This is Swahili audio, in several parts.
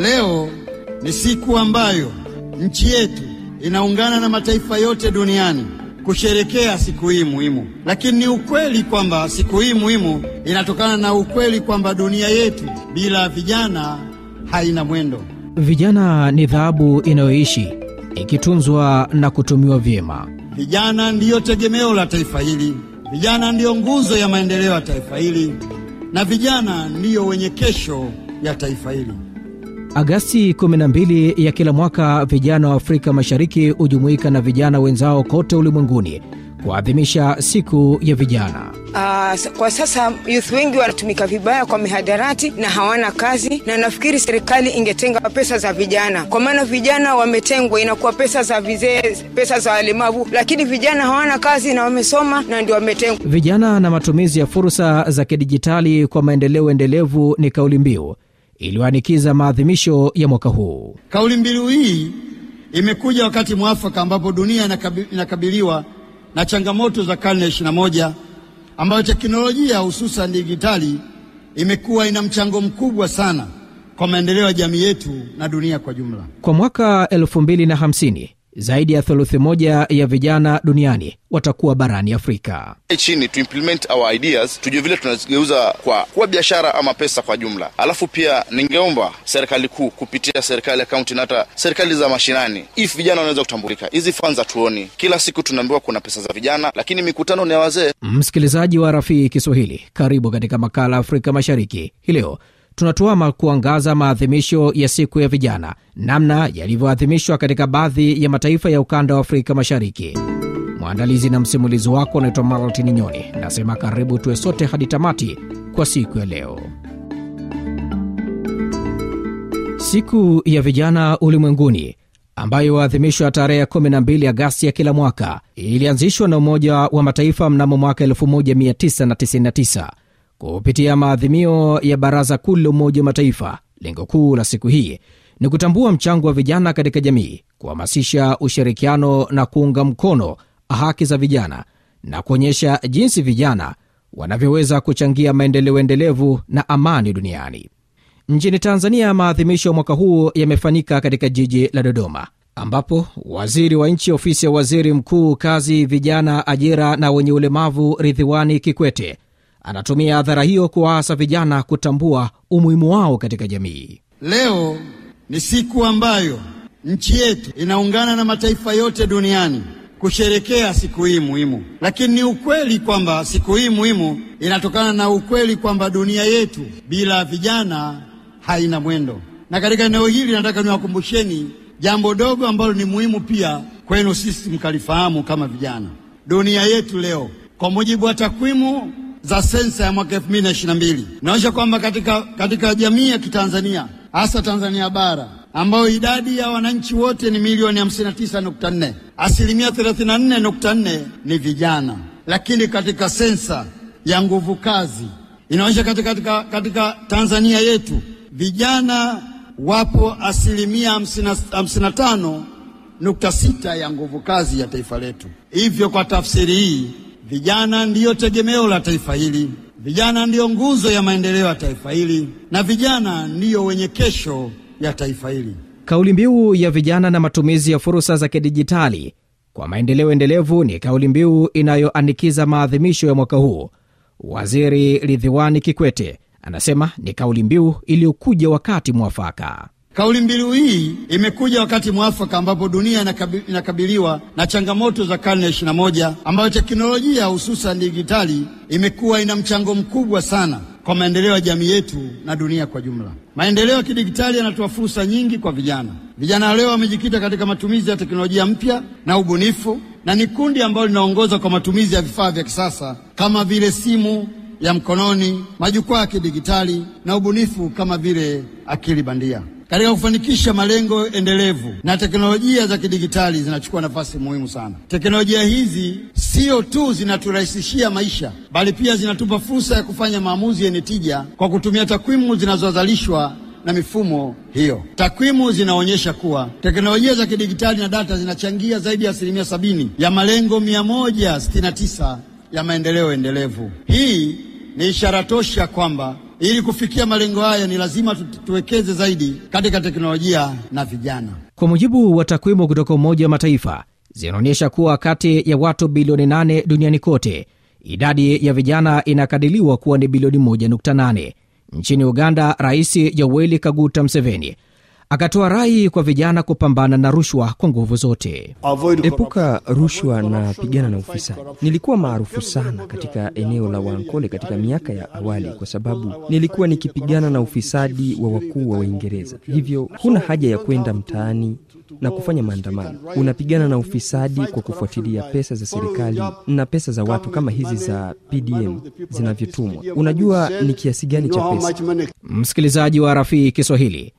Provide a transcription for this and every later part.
Leo ni siku ambayo nchi yetu inaungana na mataifa yote duniani kusherekea siku hii muhimu, lakini ni ukweli kwamba siku hii muhimu inatokana na ukweli kwamba dunia yetu bila vijana haina mwendo. Vijana ni dhahabu inayoishi ikitunzwa na kutumiwa vyema. Vijana ndiyo tegemeo la taifa hili. Vijana ndiyo nguzo ya maendeleo ya taifa hili na vijana ndiyo wenye kesho ya taifa hili. Agasti 12 ya kila mwaka, vijana wa Afrika Mashariki hujumuika na vijana wenzao kote ulimwenguni kuadhimisha siku ya vijana. Uh, kwa sasa youth wengi wanatumika vibaya kwa mihadarati na hawana kazi, na nafikiri serikali ingetenga pesa za vijana, kwa maana vijana wametengwa, inakuwa pesa za vizee, pesa za walemavu, lakini vijana hawana kazi na wamesoma na ndio wametengwa. Vijana na matumizi ya fursa za kidijitali kwa maendeleo endelevu ni kauli mbiu iliyoanikiza maadhimisho ya mwaka huu. Kauli mbiu hii imekuja wakati mwafaka ambapo dunia inakabiliwa na changamoto za karne 21 ambayo teknolojia hususan dijitali imekuwa ina mchango mkubwa sana kwa maendeleo ya jamii yetu na dunia kwa jumla. Kwa mwaka 2050 zaidi ya theluthi moja ya vijana duniani watakuwa barani Afrika. Chini tu implement our ideas, tujue vile tunazigeuza kwa kuwa biashara ama pesa kwa jumla. Alafu pia ningeomba serikali kuu kupitia serikali ya kaunti na hata serikali za mashinani, if vijana wanaweza kutambulika, hizi fans hatuoni. Kila siku tunaambiwa kuna pesa za vijana, lakini mikutano ni ya wazee. Msikilizaji wa Rafii Kiswahili, karibu katika makala Afrika Mashariki hii leo tunatuama kuangaza maadhimisho ya siku ya vijana namna yalivyoadhimishwa katika baadhi ya mataifa ya ukanda wa Afrika Mashariki. Mwandalizi na msimulizi wako anaitwa Maltini Nyoni, nasema karibu tuwe sote hadi tamati kwa siku ya leo. Siku ya vijana ulimwenguni ambayo huadhimishwa tarehe 12 Agasti ya kila mwaka ilianzishwa na Umoja wa Mataifa mnamo mwaka 1999 Kupitia maadhimio ya Baraza Kuu la Umoja wa Mataifa, lengo kuu la siku hii ni kutambua mchango wa vijana katika jamii, kuhamasisha ushirikiano na kuunga mkono haki za vijana na kuonyesha jinsi vijana wanavyoweza kuchangia maendeleo endelevu na amani duniani. Nchini Tanzania, maadhimisho ya mwaka huu yamefanyika katika jiji la Dodoma, ambapo waziri wa nchi ofisi ya waziri mkuu, kazi, vijana, ajira na wenye ulemavu, Ridhiwani Kikwete anatumia adhara hiyo kuwaasa vijana kutambua umuhimu wao katika jamii. Leo ni siku ambayo nchi yetu inaungana na mataifa yote duniani kusherekea siku hii muhimu, lakini ni ukweli kwamba siku hii muhimu inatokana na ukweli kwamba dunia yetu bila vijana haina mwendo. Na katika eneo hili nataka niwakumbusheni jambo dogo ambalo ni muhimu pia kwenu sisi mkalifahamu kama vijana. Dunia yetu leo, kwa mujibu wa takwimu za sensa ya mwaka 2022 inaonyesha kwamba katika, katika jamii ya Kitanzania hasa Tanzania bara ambayo idadi ya wananchi wote ni milioni 59.4, asilimia 34.4 ni vijana, lakini katika sensa ya nguvu kazi inaonyesha katika, katika, katika Tanzania yetu vijana wapo asilimia sita ya nguvu kazi ya taifa letu. Hivyo kwa tafsiri hii Vijana ndiyo tegemeo la taifa hili, vijana ndiyo nguzo ya maendeleo ya taifa hili, na vijana ndiyo wenye kesho ya taifa hili. Kauli mbiu ya vijana na matumizi ya fursa za kidijitali kwa maendeleo endelevu ni kauli mbiu inayoanikiza maadhimisho ya mwaka huu. Waziri Ridhiwani Kikwete anasema ni kauli mbiu iliyokuja wakati mwafaka. Kauli mbiu hii imekuja wakati mwafaka ambapo dunia inakabiliwa na changamoto za karne ya ishirini na moja ambayo teknolojia hususan digitali imekuwa ina mchango mkubwa sana kwa maendeleo ya jamii yetu na dunia kwa jumla. Maendeleo ya kidigitali yanatoa fursa nyingi kwa vijana. Vijana leo wamejikita katika matumizi ya teknolojia mpya na ubunifu, na ni kundi ambalo linaongoza kwa matumizi ya vifaa vya kisasa kama vile simu ya mkononi, majukwaa ya kidigitali na ubunifu kama vile akili bandia. Katika kufanikisha malengo endelevu na teknolojia za kidigitali zinachukua nafasi muhimu sana. Teknolojia hizi sio tu zinaturahisishia maisha, bali pia zinatupa fursa ya kufanya maamuzi yenye tija kwa kutumia takwimu zinazozalishwa na mifumo hiyo. Takwimu zinaonyesha kuwa teknolojia za kidigitali na data zinachangia zaidi ya asilimia sabini ya malengo tisa ya maendeleo endelevu. Hii ni ishara tosha kwamba ili kufikia malengo haya, ni lazima tuwekeze zaidi katika teknolojia na vijana. Kwa mujibu wa takwimu kutoka Umoja wa Mataifa, zinaonyesha kuwa kati ya watu bilioni 8 duniani kote, idadi ya vijana inakadiriwa kuwa ni bilioni 1.8. Nchini Uganda, Rais Yoweri Kaguta Museveni akatoa rai kwa vijana kupambana na rushwa kwa nguvu zote. Epuka rushwa na pigana na ufisadi. Nilikuwa maarufu sana katika eneo la Wankole katika miaka ya awali, kwa sababu nilikuwa nikipigana na ufisadi wa wakuu wa Waingereza. Hivyo huna haja ya kwenda mtaani na kufanya maandamano. Unapigana na ufisadi kwa kufuatilia pesa za serikali na pesa za watu kama hizi za PDM zinavyotumwa. Unajua ni kiasi gani cha pesa. Msikilizaji wa Rafii Kiswahili,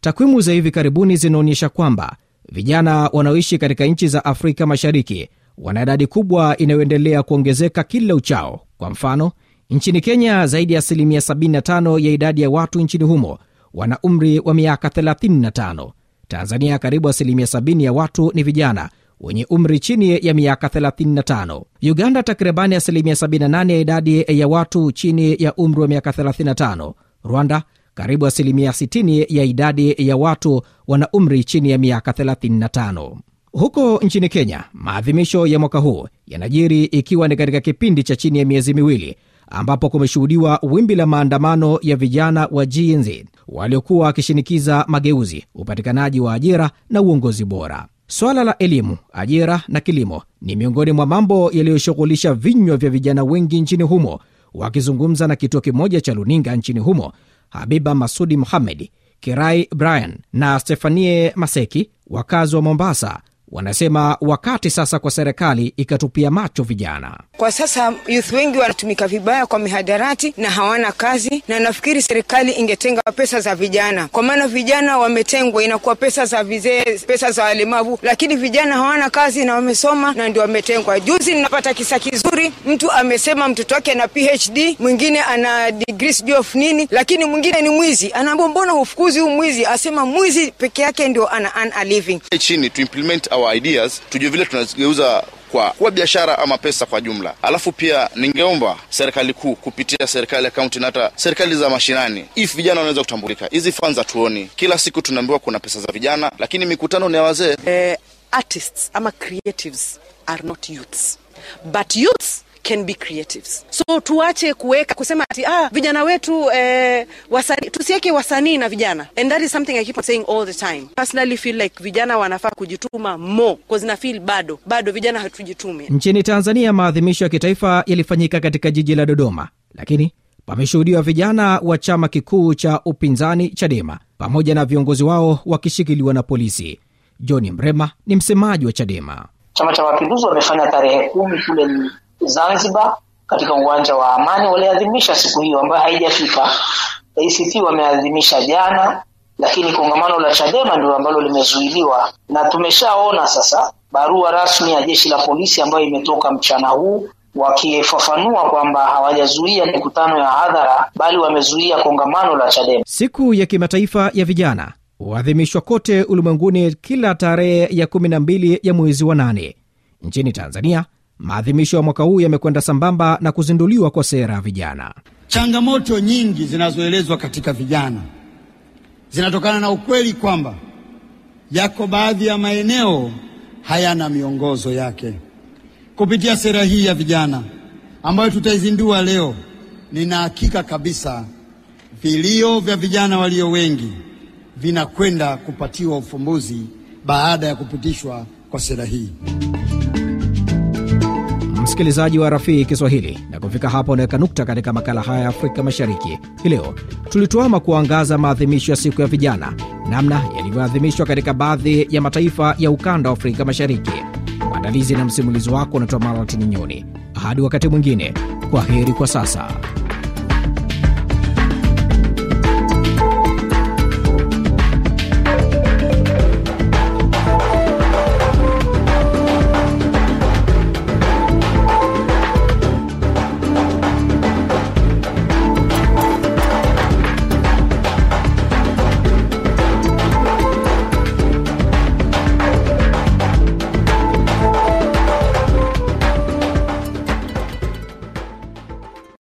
Takwimu za hivi karibuni zinaonyesha kwamba vijana wanaoishi katika nchi za Afrika Mashariki wana idadi kubwa inayoendelea kuongezeka kila uchao. Kwa mfano, nchini Kenya, zaidi ya asilimia 75 ya idadi ya watu nchini humo wana umri wa miaka 35. Tanzania, karibu asilimia 70 ya watu ni vijana wenye umri chini ya miaka 35. Uganda, takribani asilimia 78 ya idadi ya watu chini ya umri wa miaka 35. Rwanda, karibu asilimia 60 ya idadi ya watu wana umri chini ya miaka 35. Huko nchini Kenya, maadhimisho ya mwaka huu yanajiri ikiwa ni katika kipindi cha chini ya miezi miwili ambapo kumeshuhudiwa wimbi la maandamano ya vijana wa Gen Z waliokuwa wakishinikiza mageuzi, upatikanaji wa ajira na uongozi bora. Swala la elimu, ajira na kilimo ni miongoni mwa mambo yaliyoshughulisha vinywa vya vijana wengi nchini humo. Wakizungumza na kituo kimoja cha runinga nchini humo, Habiba Masudi muhamedi Kirai Brian na Stefanie Maseki, wakazi wa Mombasa, Wanasema wakati sasa kwa serikali ikatupia macho vijana. Kwa sasa youth wengi wanatumika vibaya kwa mihadarati na hawana kazi, na nafikiri serikali ingetenga pesa za vijana, kwa maana vijana wametengwa, inakuwa pesa za vizee, pesa za walemavu, lakini vijana hawana kazi na wamesoma na ndio wametengwa. Juzi ninapata kisa kizuri, mtu amesema mtoto wake ana PhD, mwingine ana sijui of nini, lakini mwingine ni mwizi. Anaambia mbona ufukuzi huu mwizi? Asema mwizi peke yake ndio ana living. Chini implement our ideas, tujue vile tunageuza kwa kuwa biashara ama pesa kwa jumla. Alafu pia ningeomba serikali kuu kupitia serikali ya kaunti na hata serikali za mashinani, if vijana wanaweza kutambulika, hizi fans hatuoni. Kila siku tunaambiwa kuna pesa za vijana, lakini mikutano ni ya wazee. Eh, artists ama creatives are not youths but youths can be creatives. So tuache kuweka kusema ati ah, vijana wetu eh, wasani, tusiweke wasanii na vijana. And that is something I keep on saying all the time. Personally feel like vijana wanafaa kujituma more because na feel bado bado vijana hatujitumi. Nchini Tanzania maadhimisho ya kitaifa yalifanyika katika jiji la Dodoma, lakini pameshuhudiwa vijana wa chama kikuu cha upinzani Chadema pamoja na viongozi wao wakishikiliwa na polisi. John Mrema ni msemaji wa Chadema. Chama cha Mapinduzi wamefanya tarehe kumi kule Zanzibar katika uwanja wa Amani waliadhimisha siku hiyo ambayo haijafika. ACT wameadhimisha jana, lakini kongamano la Chadema ndio ambalo limezuiliwa, na tumeshaona sasa barua rasmi ya jeshi la polisi ambayo imetoka mchana huu wakifafanua kwamba hawajazuia mikutano ya hadhara bali wamezuia kongamano la Chadema. Siku ya kimataifa ya vijana huadhimishwa kote ulimwenguni kila tarehe ya kumi na mbili ya mwezi wa nane. Nchini Tanzania Maadhimisho ya mwaka huu yamekwenda sambamba na kuzinduliwa kwa sera ya vijana. Changamoto nyingi zinazoelezwa katika vijana zinatokana na ukweli kwamba yako baadhi ya maeneo hayana miongozo yake. Kupitia sera hii ya vijana ambayo tutaizindua leo, nina hakika kabisa vilio vya vijana walio wengi vinakwenda kupatiwa ufumbuzi baada ya kupitishwa kwa sera hii msikilizaji wa Rafii Kiswahili, na kufika hapa unaweka nukta katika makala haya ya Afrika Mashariki. Hii leo tulituama kuangaza maadhimisho ya siku ya vijana, namna yalivyoadhimishwa katika baadhi ya mataifa ya ukanda wa Afrika Mashariki. Maandalizi na msimulizi wako unatoa Maratini Nyoni. Hadi wakati mwingine, kwa heri kwa sasa.